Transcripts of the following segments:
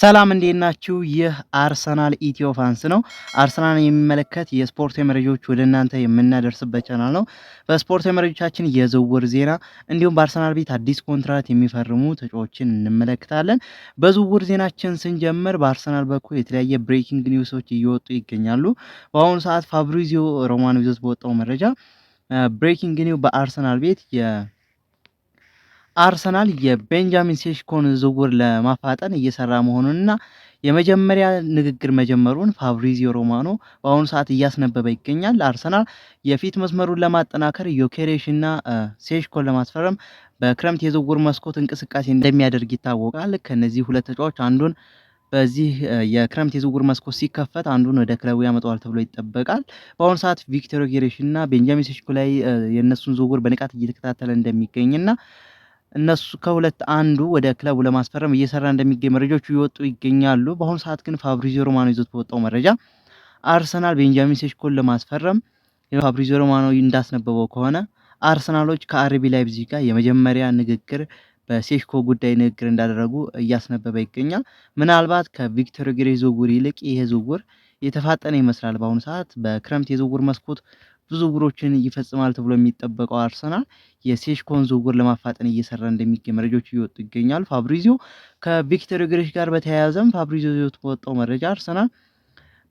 ሰላም እንዴት ናችሁ? ይህ አርሰናል ኢትዮ ፋንስ ነው። አርሰናል የሚመለከት የስፖርት መረጃዎች ወደ እናንተ የምናደርስበት ቻናል ነው። በስፖርት መረጃዎቻችን የዝውውር ዜና እንዲሁም በአርሰናል ቤት አዲስ ኮንትራት የሚፈርሙ ተጫዋቾችን እንመለከታለን። በዝውውር ዜናችን ስንጀምር በአርሰናል በኩል የተለያየ ብሬኪንግ ኒውሶች እየወጡ ይገኛሉ። በአሁኑ ሰዓት ፋብሪዚዮ ሮማኖ ይዞት በወጣው መረጃ ብሬኪንግ ኒው በአርሰናል ቤት አርሰናል የቤንጃሚን ሴሽኮን ዝውውር ለማፋጠን እየሰራ መሆኑንና የመጀመሪያ ንግግር መጀመሩን ፋብሪዚዮ ሮማኖ በአሁኑ ሰዓት እያስነበበ ይገኛል። አርሰናል የፊት መስመሩን ለማጠናከር ዮኬሬሽ ዮኬሬሽና ሴሽኮን ለማስፈረም በክረምት የዝውውር መስኮት እንቅስቃሴ እንደሚያደርግ ይታወቃል። ከነዚህ ሁለት ተጫዋች አንዱን በዚህ የክረምት የዝውውር መስኮት ሲከፈት አንዱን ወደ ክለቡ ያመጣዋል ተብሎ ይጠበቃል። በአሁኑ ሰዓት ቪክቶር ዮኬሬሽ እና ቤንጃሚን ሴሽኮ ላይ የእነሱን ዝውውር በንቃት እየተከታተለ እንደሚገኝና እነሱ ከሁለት አንዱ ወደ ክለቡ ለማስፈረም እየሰራ እንደሚገኝ መረጃዎቹ እየወጡ ይገኛሉ። በአሁኑ ሰዓት ግን ፋብሪዚዮ ሮማኖ ይዞት በወጣው መረጃ አርሰናል ቤንጃሚን ሴሽኮን ለማስፈረም ፋብሪዚዮ ሮማኖ እንዳስነበበው ከሆነ አርሰናሎች ከአርቢ ላይፕዚግ ጋር የመጀመሪያ ንግግር በሴሽኮ ጉዳይ ንግግር እንዳደረጉ እያስነበበ ይገኛል። ምናልባት ከቪክቶር ጊሬ ዝውውር ይልቅ ይሄ ዝውውር የተፋጠነ ይመስላል። በአሁኑ ሰዓት በክረምት የዝውውር መስኮት ብዙ ዝውውሮችን ይፈጽማል ተብሎ የሚጠበቀው አርሰናል የሴሽኮን ዝውውር ለማፋጠን እየሰራ እንደሚገኝ መረጃዎች እየወጡ ይገኛል። ፋብሪዚዮ ከቪክቶር ግሬሽ ጋር በተያያዘም ፋብሪዚዮ ይዞት በወጣው መረጃ አርሰናል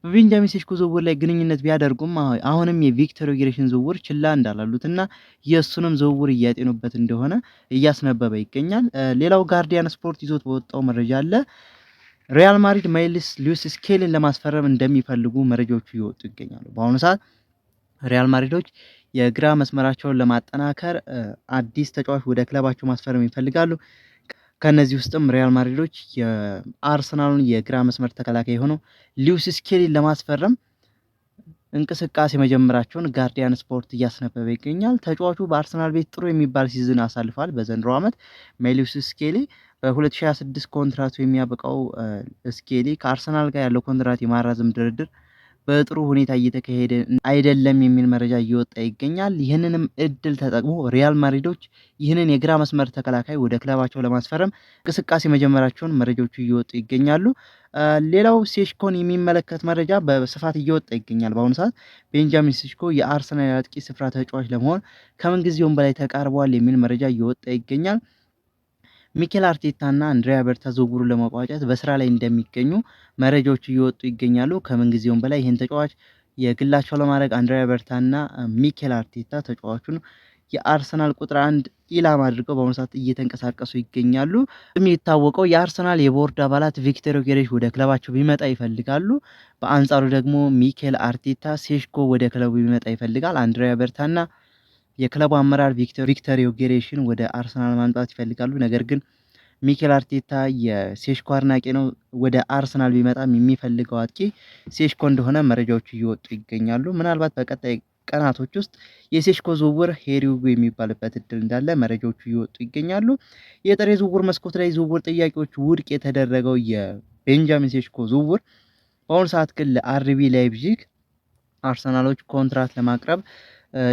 በቤንጃሚን ሴሽኮ ዝውውር ላይ ግንኙነት ቢያደርጉም አሁንም የቪክቶር ግሬሽን ዝውውር ችላ እንዳላሉትና የእሱንም ዝውውር እያጤኑበት እንደሆነ እያስነበበ ይገኛል። ሌላው ጋርዲያን ስፖርት ይዞት በወጣው መረጃ አለ ሪያል ማድሪድ ማይልስ ሉዊስ ስኬሊን ለማስፈረም እንደሚፈልጉ መረጃዎቹ እየወጡ ይገኛሉ። በአሁኑ ሰዓት ሪያል ማድሪዶች የግራ መስመራቸውን ለማጠናከር አዲስ ተጫዋች ወደ ክለባቸው ማስፈረም ይፈልጋሉ። ከእነዚህ ውስጥም ሪያል ማድሪዶች የአርሰናሉን የግራ መስመር ተከላካይ የሆነው ሊዩስ ስኬሊን ለማስፈረም እንቅስቃሴ መጀመራቸውን ጋርዲያን ስፖርት እያስነበበ ይገኛል። ተጫዋቹ በአርሰናል ቤት ጥሩ የሚባል ሲዝን አሳልፏል። በዘንድሮ ዓመት ሜሊዩስ ስኬሊ በ2026 ኮንትራቱ የሚያበቃው ስኬሊ ከአርሰናል ጋር ያለው ኮንትራት የማራዘም ድርድር በጥሩ ሁኔታ እየተካሄደ አይደለም የሚል መረጃ እየወጣ ይገኛል። ይህንንም እድል ተጠቅሞ ሪያል ማድሪዶች ይህንን የግራ መስመር ተከላካይ ወደ ክለባቸው ለማስፈረም እንቅስቃሴ መጀመራቸውን መረጃዎቹ እየወጡ ይገኛሉ። ሌላው ሴሽኮን የሚመለከት መረጃ በስፋት እየወጣ ይገኛል። በአሁኑ ሰዓት ቤንጃሚን ሴሽኮ የአርሰናል አጥቂ ስፍራ ተጫዋች ለመሆን ከምንጊዜውም በላይ ተቃርበዋል የሚል መረጃ እየወጣ ይገኛል። ሚኬል አርቴታና አንድሪያ በርታ ዝውውሩን ለመቋጨት በስራ ላይ እንደሚገኙ መረጃዎች እየወጡ ይገኛሉ። ከምን በላይ ይህን ተጫዋች የግላቸው ለማድረግ አንድሪያ በርታና ሚኬል አርቴታ ተጫዋቹን የአርሰናል ቁጥር አንድ ኢላማ አድርገው በአሁኑ ሰዓት እየተንቀሳቀሱ ይገኛሉ። የሚታወቀው የአርሰናል የቦርድ አባላት ቪክቶር ጌሬሽ ወደ ክለባቸው ቢመጣ ይፈልጋሉ። በአንጻሩ ደግሞ ሚኬል አርቴታ ሴሽኮ ወደ ክለቡ ቢመጣ ይፈልጋል። አንድሪያ በርታና የክለቡ አመራር ቪክተር ዮጌሬሽን ወደ አርሰናል ማምጣት ይፈልጋሉ። ነገር ግን ሚኬል አርቴታ የሴሽኮ አድናቂ ነው። ወደ አርሰናል ቢመጣም የሚፈልገው አጥቂ ሴሽኮ እንደሆነ መረጃዎቹ እየወጡ ይገኛሉ። ምናልባት በቀጣይ ቀናቶች ውስጥ የሴሽኮ ዝውውር ሄሪጉ የሚባልበት እድል እንዳለ መረጃዎቹ እየወጡ ይገኛሉ። የጥሬ ዝውውር መስኮት ላይ ዝውውር ጥያቄዎች ውድቅ የተደረገው የቤንጃሚን ሴሽኮ ዝውውር በአሁኑ ሰዓት ግን ለአርቢ ላይፕዚግ አርሰናሎች ኮንትራት ለማቅረብ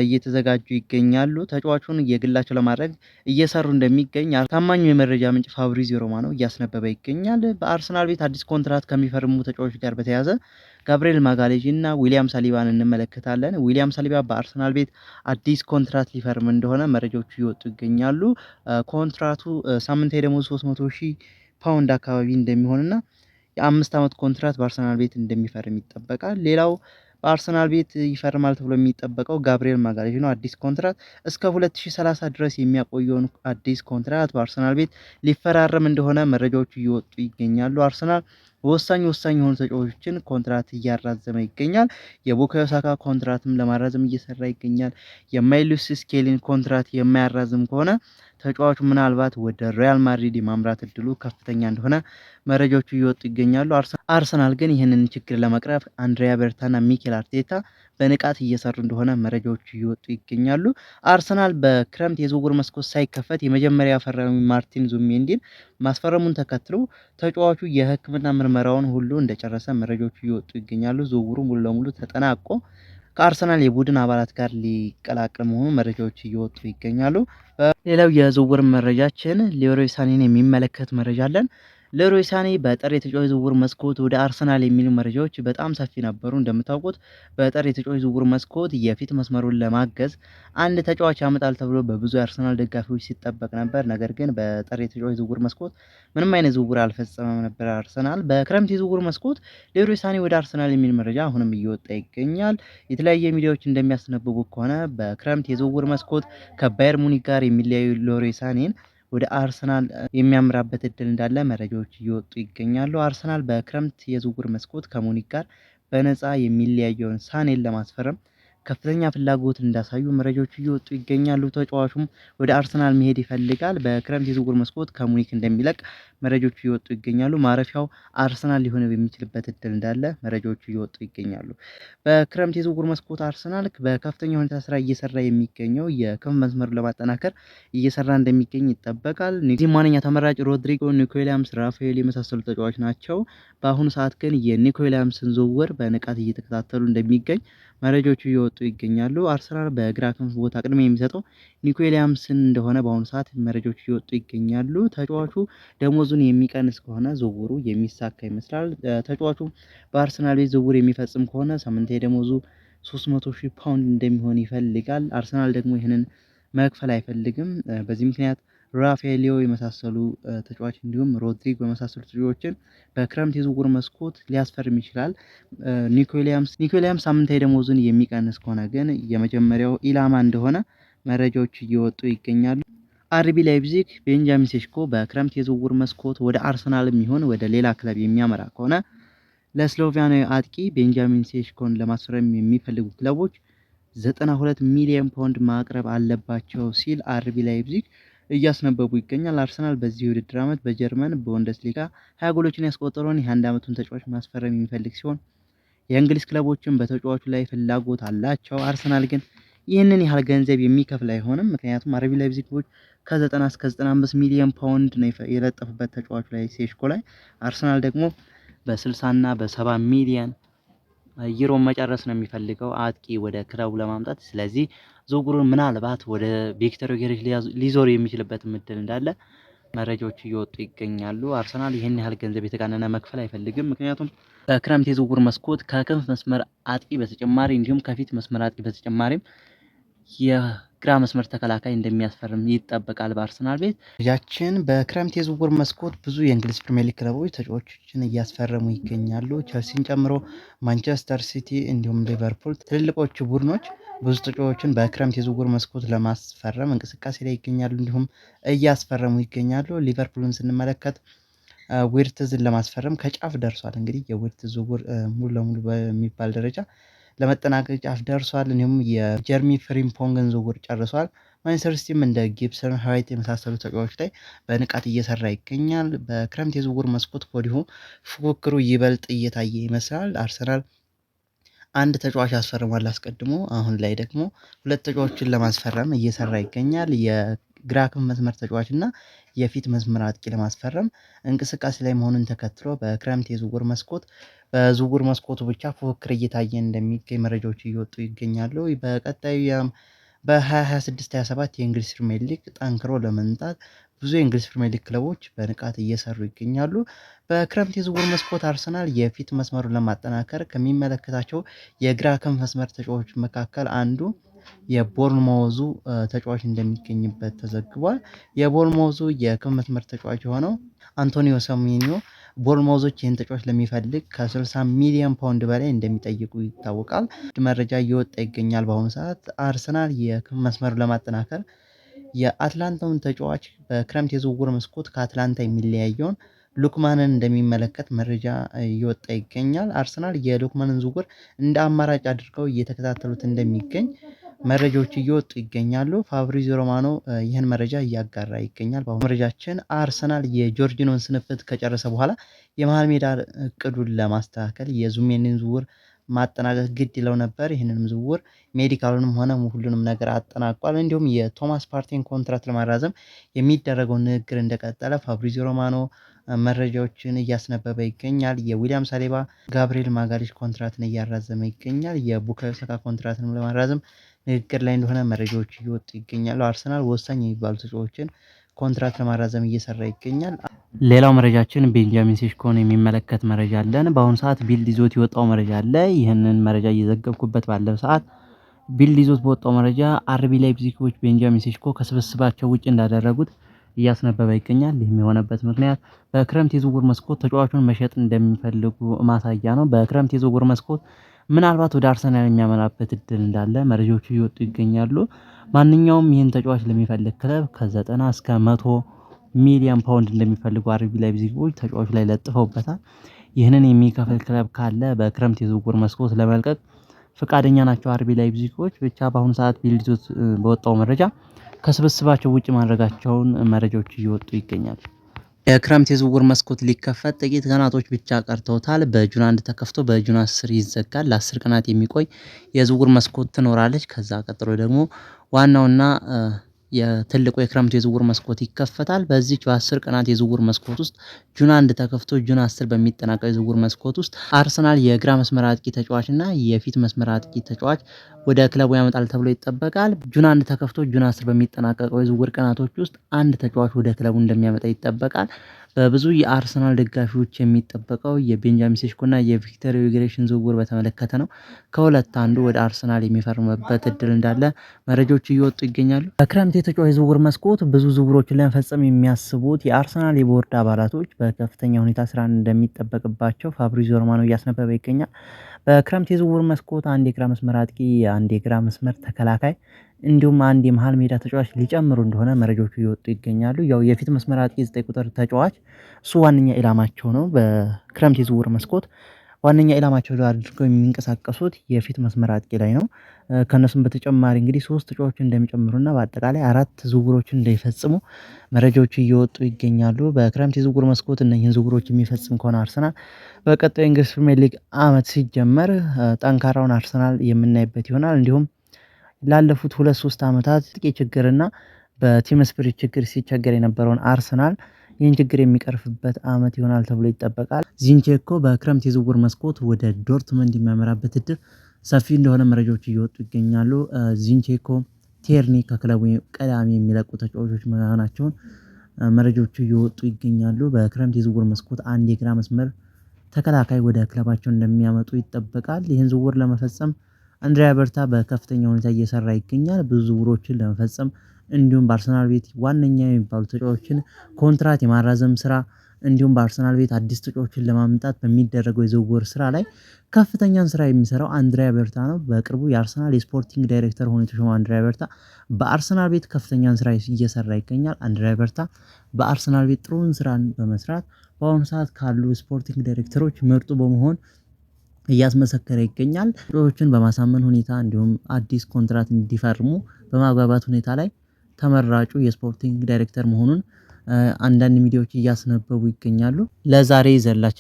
እየተዘጋጁ ይገኛሉ። ተጫዋቹን የግላቸው ለማድረግ እየሰሩ እንደሚገኝ ታማኙ የመረጃ ምንጭ ፋብሪዚዮ ሮማኖ እያስነበበ ይገኛል። በአርሰናል ቤት አዲስ ኮንትራት ከሚፈርሙ ተጫዋቾች ጋር በተያያዘ ጋብርኤል ማጋሌዥ እና ዊሊያም ሳሊባን እንመለከታለን። ዊሊያም ሳሊባ በአርሰናል ቤት አዲስ ኮንትራት ሊፈርም እንደሆነ መረጃዎቹ እየወጡ ይገኛሉ። ኮንትራቱ ሳምንታዊ ደግሞ 300 ሺህ ፓውንድ አካባቢ እንደሚሆንና የአምስት ዓመት ኮንትራት በአርሰናል ቤት እንደሚፈርም ይጠበቃል። ሌላው በአርሰናል ቤት ይፈርማል ተብሎ የሚጠበቀው ጋብሪኤል ማጋሌሽ ነው። አዲስ ኮንትራት እስከ 2030 ድረስ የሚያቆየውን አዲስ ኮንትራት በአርሰናል ቤት ሊፈራረም እንደሆነ መረጃዎቹ እየወጡ ይገኛሉ። አርሰናል ወሳኝ ወሳኝ የሆኑ ተጫዋቾችን ኮንትራት እያራዘመ ይገኛል። የቡካዮ ሳካ ኮንትራትም ለማራዘም እየሰራ ይገኛል። የማይሉስ ስኬሊን ኮንትራት የማያራዝም ከሆነ ተጫዋቹ ምናልባት ወደ ሪያል ማድሪድ የማምራት እድሉ ከፍተኛ እንደሆነ መረጃዎቹ እየወጡ ይገኛሉ። አርሰናል ግን ይህንን ችግር ለመቅረፍ አንድሪያ በርታና ሚኬል አርቴታ በንቃት እየሰሩ እንደሆነ መረጃዎቹ እየወጡ ይገኛሉ። አርሰናል በክረምት የዝውውር መስኮት ሳይከፈት የመጀመሪያ ፈራሚ ማርቲን ዙሜንዲን ማስፈረሙን ተከትሎ ተጫዋቹ የሕክምና ምርመራውን ሁሉ እንደጨረሰ መረጃዎቹ እየወጡ ይገኛሉ። ዝውውሩ ሙሉ ለሙሉ ተጠናቆ ከአርሰናል የቡድን አባላት ጋር ሊቀላቀል መሆኑ መረጃዎች እየወጡ ይገኛሉ። ሌላው የዝውውር መረጃችን ሌሮይ ሳኔን የሚመለከት መረጃ አለን። ለሮይ ሳኔ በጥር የተጫዋች ዝውውር መስኮት ወደ አርሰናል የሚሉ መረጃዎች በጣም ሰፊ ነበሩ። እንደምታውቁት በጥር የተጫዋች ዝውውር መስኮት የፊት መስመሩን ለማገዝ አንድ ተጫዋች ያመጣል ተብሎ በብዙ የአርሰናል ደጋፊዎች ሲጠበቅ ነበር። ነገር ግን በጥር የተጫዋች ዝውውር መስኮት ምንም አይነት ዝውውር አልፈጸመም ነበር አርሰናል። በክረምት የዝውውር መስኮት ለሮይ ሳኔ ወደ አርሰናል የሚል መረጃ አሁንም እየወጣ ይገኛል። የተለያየ ሚዲያዎች እንደሚያስነብቡ ከሆነ በክረምት የዝውውር መስኮት ከባየር ሙኒክ ጋር የሚለያዩ ለሮይ ሳኔን ወደ አርሰናል የሚያምራበት እድል እንዳለ መረጃዎች እየወጡ ይገኛሉ። አርሰናል በክረምት የዝውውር መስኮት ከሙኒክ ጋር በነፃ የሚለያየውን ሳኔን ለማስፈረም ከፍተኛ ፍላጎት እንዳሳዩ መረጃዎች እየወጡ ይገኛሉ። ተጫዋቹም ወደ አርሰናል መሄድ ይፈልጋል። በክረምት የዝውውር መስኮት ከሙኒክ እንደሚለቅ መረጃዎች እየወጡ ይገኛሉ። ማረፊያው አርሰናል ሊሆን የሚችልበት እድል እንዳለ መረጃዎቹ እየወጡ ይገኛሉ። በክረምት የዝውውር መስኮት አርሰናል በከፍተኛ ሁኔታ ስራ እየሰራ የሚገኘው የክንፍ መስመሩ ለማጠናከር እየሰራ እንደሚገኝ ይጠበቃል። እነዚህም ዋነኛ ተመራጭ ሮድሪጎ፣ ኒኮ ዊሊያምስ፣ ራፋኤል የመሳሰሉ ተጫዋች ናቸው። በአሁኑ ሰዓት ግን የኒኮ ዊሊያምስን ዝውውር በንቃት እየተከታተሉ እንደሚገኝ መረጃዎቹ እየወጡ ይገኛሉ። አርሰናል በግራ ክንፍ ቦታ ቅድሚያ የሚሰጠው ኒኮ ዊሊያምስን እንደሆነ በአሁኑ ሰዓት መረጃዎች እየወጡ ይገኛሉ። ተጫዋቹ ደሞዙን የሚቀንስ ከሆነ ዝውውሩ የሚሳካ ይመስላል። ተጫዋቹ በአርሰናል ቤት ዝውውር የሚፈጽም ከሆነ ሳምንታዊ ደሞዙ 300 ሺህ ፓውንድ እንደሚሆን ይፈልጋል። አርሰናል ደግሞ ይህንን መክፈል አይፈልግም። በዚህ ምክንያት ራፋኤሊዮ የመሳሰሉ ተጫዋች እንዲሁም ሮድሪግ በመሳሰሉ ተጫዋቾችን በክረምት የዝውውር መስኮት ሊያስፈርም ይችላል። ኒኮ ዊሊያምስ ሳምንታዊ ደሞዙን የሚቀንስ ከሆነ ግን የመጀመሪያው ኢላማ እንደሆነ መረጃዎች እየወጡ ይገኛሉ። አርቢ ላይፕዚግ ቤንጃሚን ሴሽኮ በክረምት የዝውውር መስኮት ወደ አርሰናልም ይሆን ወደ ሌላ ክለብ የሚያመራ ከሆነ ለስሎቬኒያዊ አጥቂ ቤንጃሚን ሴሽኮን ለማስፈረም የሚፈልጉ ክለቦች 92 ሚሊዮን ፓውንድ ማቅረብ አለባቸው ሲል አርቢ ላይፕዚግ እያስነበቡ ይገኛል። አርሰናል በዚህ ውድድር ዓመት በጀርመን በቡንደስሊጋ ሀያ ጎሎችን ያስቆጠረውን የአንድ ዓመቱን ተጫዋች ማስፈረም የሚፈልግ ሲሆን የእንግሊዝ ክለቦችን በተጫዋቹ ላይ ፍላጎት አላቸው። አርሰናል ግን ይህንን ያህል ገንዘብ የሚከፍል አይሆንም። ምክንያቱም አረቢ ላይፕዚጎች ከ90 እስከ 95 ሚሊዮን ፓውንድ ነው የለጠፉበት ተጫዋቹ ላይ ሴሽኮ ላይ። አርሰናል ደግሞ በ60 እና በ70 ሚሊዮን ዩሮ መጨረስ ነው የሚፈልገው አጥቂ ወደ ክለቡ ለማምጣት። ስለዚህ ዝውውሩን ምናልባት ወደ ቪክተር ዮኬሬሽ ሊዞር የሚችልበት ምድል እንዳለ መረጃዎች እየወጡ ይገኛሉ። አርሰናል ይህን ያህል ገንዘብ የተጋነነ መክፈል አይፈልግም። ምክንያቱም በክረምት የዝውውር መስኮት ከክንፍ መስመር አጥቂ በተጨማሪ እንዲሁም ከፊት መስመር አጥቂ በተጨማሪም የግራ መስመር ተከላካይ እንደሚያስፈርም ይጠበቃል በአርሰናል ቤት። ያችን በክረምት የዝውውር መስኮት ብዙ የእንግሊዝ ፕሪሚየር ሊግ ክለቦች ተጫዋቾችን እያስፈረሙ ይገኛሉ። ቸልሲን ጨምሮ ማንቸስተር ሲቲ እንዲሁም ሊቨርፑል ትልልቆቹ ቡድኖች ብዙ ተጫዋቾችን በክረምት የዝውውር መስኮት ለማስፈረም እንቅስቃሴ ላይ ይገኛሉ፣ እንዲሁም እያስፈረሙ ይገኛሉ። ሊቨርፑልን ስንመለከት ዊርትዝን ለማስፈረም ከጫፍ ደርሷል። እንግዲህ የዊርትዝ ዝውውር ሙሉ ለሙሉ በሚባል ደረጃ ለመጠናቀቅ ጫፍ ደርሷል። እንዲሁም የጀርሚ ፍሪምፖንግን ዝውውር ጨርሷል። ማንቸስተር ሲቲም እንደ ጊብሰን ሀይት የመሳሰሉ ተጫዋቾች ላይ በንቃት እየሰራ ይገኛል። በክረምት የዝውውር መስኮት ከወዲሁ ፉክክሩ ይበልጥ እየታየ ይመስላል። አርሰናል አንድ ተጫዋች አስፈርሟል አስቀድሞ። አሁን ላይ ደግሞ ሁለት ተጫዋቾችን ለማስፈረም እየሰራ ይገኛል። ግራ ክንፍ መስመር ተጫዋች እና የፊት መስመር አጥቂ ለማስፈረም እንቅስቃሴ ላይ መሆኑን ተከትሎ በክረምት የዝውውር መስኮት በዝውውር መስኮቱ ብቻ ፉክክር እየታየ እንደሚገኝ መረጃዎች እየወጡ ይገኛሉ። በቀጣዩ በ2026 27 የእንግሊዝ ፕሪሚየር ሊግ ጠንክሮ ለመምጣት ብዙ የእንግሊዝ ፕሪሚየር ሊግ ክለቦች በንቃት እየሰሩ ይገኛሉ። በክረምት የዝውውር መስኮት አርሰናል የፊት መስመሩን ለማጠናከር ከሚመለከታቸው የግራ ክንፍ መስመር ተጫዋቾች መካከል አንዱ የቦርንማውዙ ተጫዋች እንደሚገኝበት ተዘግቧል። የቦርንማውዙ የክፍ መስመር ተጫዋች የሆነው አንቶኒዮ ሰሜንዮ ቦርንማውዞች ይህን ተጫዋች ለሚፈልግ ከ60 ሚሊዮን ፓውንድ በላይ እንደሚጠይቁ ይታወቃል። መረጃ እየወጣ ይገኛል። በአሁኑ ሰዓት አርሰናል የክፍ መስመሩ ለማጠናከር የአትላንታውን ተጫዋች በክረምት የዝውውር መስኮት ከአትላንታ የሚለያየውን ሉክማንን እንደሚመለከት መረጃ እየወጣ ይገኛል። አርሰናል የሉክማንን ዝውውር እንደ አማራጭ አድርገው እየተከታተሉት እንደሚገኝ መረጃዎች እየወጡ ይገኛሉ። ፋብሪዚ ሮማኖ ይህን መረጃ እያጋራ ይገኛል። በአሁኑ መረጃችን አርሰናል የጆርጂኖን ስንፍት ከጨረሰ በኋላ የመሃል ሜዳ እቅዱን ለማስተካከል የዙሜኒን ዝውውር ማጠናቀቅ ግድ ይለው ነበር። ይህንንም ዝውውር ሜዲካሉንም ሆነ ሁሉንም ነገር አጠናቋል። እንዲሁም የቶማስ ፓርቲን ኮንትራት ለማራዘም የሚደረገው ንግግር እንደቀጠለ ፋብሪዚ ሮማኖ መረጃዎችን እያስነበበ ይገኛል። የዊሊያም ሳሌባ፣ ጋብሪኤል ማጋሊሽ ኮንትራትን እያራዘመ ይገኛል። የቡካዮ ሳካ ኮንትራትንም ለማራዘም ንግግር ላይ እንደሆነ መረጃዎች እየወጡ ይገኛሉ አርሰናል ወሳኝ የሚባሉ ተጫዋቾችን ኮንትራት ለማራዘም እየሰራ ይገኛል። ሌላው መረጃችን ቤንጃሚን ሴሽኮን የሚመለከት መረጃ አለን። በአሁኑ ሰዓት ቢልድ ይዞት የወጣው መረጃ አለ። ይህንን መረጃ እየዘገብኩበት ባለው ሰዓት ቢልድ ይዞት በወጣው መረጃ አርቢ ላይፕዚጎች ቤንጃሚን ሴሽኮ ከስብስባቸው ውጭ እንዳደረጉት እያስነበበ ይገኛል። ይህም የሆነበት ምክንያት በክረምት የዝውውር መስኮት ተጫዋቹን መሸጥ እንደሚፈልጉ ማሳያ ነው። በክረምት የዝውውር መስኮት ምናልባት ወደ አርሰናል የሚያመላበት እድል እንዳለ መረጃዎቹ እየወጡ ይገኛሉ። ማንኛውም ይህን ተጫዋች ለሚፈልግ ክለብ ከዘጠና እስከ መቶ ሚሊዮን ፓውንድ እንደሚፈልጉ አርቢ ላይፕዚጎች ተጫዋቹ ላይ ለጥፈውበታል። ይህንን የሚከፍል ክለብ ካለ በክረምት የዝውውር መስኮት ለመልቀቅ ፍቃደኛ ናቸው። አርቢ ላይፕዚጎች ብቻ በአሁኑ ሰዓት ቢልድ በወጣው መረጃ ከስብስባቸው ውጭ ማድረጋቸውን መረጃዎች እየወጡ ይገኛሉ የክረምት የዝውውር መስኮት ሊከፈት ጥቂት ቀናቶች ብቻ ቀርተውታል። በጁን አንድ ተከፍቶ በጁን አስር ይዘጋል። ለአስር ቀናት የሚቆይ የዝውውር መስኮት ትኖራለች። ከዛ ቀጥሎ ደግሞ ዋናውና የትልቁ የክረምቱ የዝውውር መስኮት ይከፈታል። በዚች በአስር ቀናት የዝውውር መስኮት ውስጥ ጁን አንድ ተከፍቶ ጁን አስር በሚጠናቀው የዝውውር መስኮት ውስጥ አርሰናል የግራ መስመር አጥቂ ተጫዋች የፊት መስመር አጥቂ ተጫዋች ወደ ክለቡ ያመጣል ተብሎ ይጠበቃል። ጁን አንድ ተከፍቶ ጁን አስር በሚጠናቀቀው የዝውውር ቀናቶች ውስጥ አንድ ተጫዋች ወደ ክለቡ እንደሚያመጣ ይጠበቃል። በብዙ የአርሰናል ደጋፊዎች የሚጠበቀው የቤንጃሚን ሴስኮና የቪክተር ዩግሬሽን ዝውውር በተመለከተ ነው። ከሁለት አንዱ ወደ አርሰናል የሚፈርምበት እድል እንዳለ መረጃዎች እየወጡ ይገኛሉ። በክረምት የተጫዋች ዝውውር መስኮት ብዙ ዝውውሮችን ለመፈጸም የሚያስቡት የአርሰናል የቦርድ አባላቶች በከፍተኛ ሁኔታ ስራ እንደሚጠበቅባቸው ፋብሪዚዮ ሮማኖ እያስነበበ ይገኛል። በክረምት የዝውውር መስኮት አንድ የግራ መስመር አጥቂ፣ አንድ የግራ መስመር ተከላካይ እንዲሁም አንድ የመሀል ሜዳ ተጫዋች ሊጨምሩ እንደሆነ መረጃዎቹ እየወጡ ይገኛሉ። ያው የፊት መስመር አጥቂ ዘጠኝ ቁጥር ተጫዋች እሱ ዋነኛ ኢላማቸው ነው። በክረምት የዝውውር መስኮት ዋነኛ ኢላማቸው አድርገው የሚንቀሳቀሱት የፊት መስመር አጥቂ ላይ ነው። ከእነሱም በተጨማሪ እንግዲህ ሶስት ተጫዋቾችን እንደሚጨምሩና በአጠቃላይ አራት ዝውውሮችን እንደሚፈጽሙ መረጃዎች እየወጡ ይገኛሉ። በክረምት የዝውውር መስኮት እነኚህን ዝውውሮች የሚፈጽም ከሆነ አርሰናል በቀጣዩ እንግሊዝ ፕሪሚየር ሊግ አመት ሲጀመር ጠንካራውን አርሰናል የምናይበት ይሆናል። እንዲሁም ላለፉት ሁለት ሶስት አመታት ጥቂት ችግርና በቲም ስፕሪት ችግር ሲቸገር የነበረውን አርሰናል ይህን ችግር የሚቀርፍበት አመት ይሆናል ተብሎ ይጠበቃል። ዚንቼኮ በክረምት የዝውውር መስኮት ወደ ዶርትመንድ የሚያመራበት እድል ሰፊ እንደሆነ መረጃዎች እየወጡ ይገኛሉ። ዚንቼኮ፣ ቴርኒ ከክለቡ ቀዳሚ የሚለቁ ተጫዋቾች መሆናቸውን መረጃዎቹ እየወጡ ይገኛሉ። በክረምት የዝውውር መስኮት አንድ የግራ መስመር ተከላካይ ወደ ክለባቸው እንደሚያመጡ ይጠበቃል። ይህን ዝውውር ለመፈጸም አንድሪያ በርታ በከፍተኛ ሁኔታ እየሰራ ይገኛል። ብዙ ዝውውሮችን ለመፈጸም እንዲሁም በአርሰናል ቤት ዋነኛ የሚባሉ ተጫዋቾችን ኮንትራት የማራዘም ስራ እንዲሁም በአርሰናል ቤት አዲስ ተጫዋቾችን ለማምጣት በሚደረገው የዝውውር ስራ ላይ ከፍተኛን ስራ የሚሰራው አንድሪያ በርታ ነው። በቅርቡ የአርሰናል የስፖርቲንግ ዳይሬክተር ሆኖ የተሾመው አንድሪያ በርታ በአርሰናል ቤት ከፍተኛን ስራ እየሰራ ይገኛል። አንድሪያ በርታ በአርሰናል ቤት ጥሩን ስራን በመስራት በአሁኑ ሰዓት ካሉ ስፖርቲንግ ዳይሬክተሮች ምርጡ በመሆን እያስመሰከረ ይገኛል። ሮዎችን በማሳመን ሁኔታ እንዲሁም አዲስ ኮንትራት እንዲፈርሙ በማግባባት ሁኔታ ላይ ተመራጩ የስፖርቲንግ ዳይሬክተር መሆኑን አንዳንድ ሚዲያዎች እያስነበቡ ይገኛሉ። ለዛሬ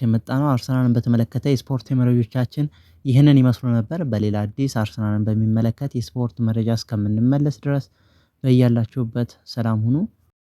የመጣ ነው አርሰናልን በተመለከተ የስፖርት መረጃዎቻችን ይህንን ይመስሉ ነበር። በሌላ አዲስ አርሰናልን በሚመለከት የስፖርት መረጃ እስከምንመለስ ድረስ በያላችሁበት ሰላም ሁኑ።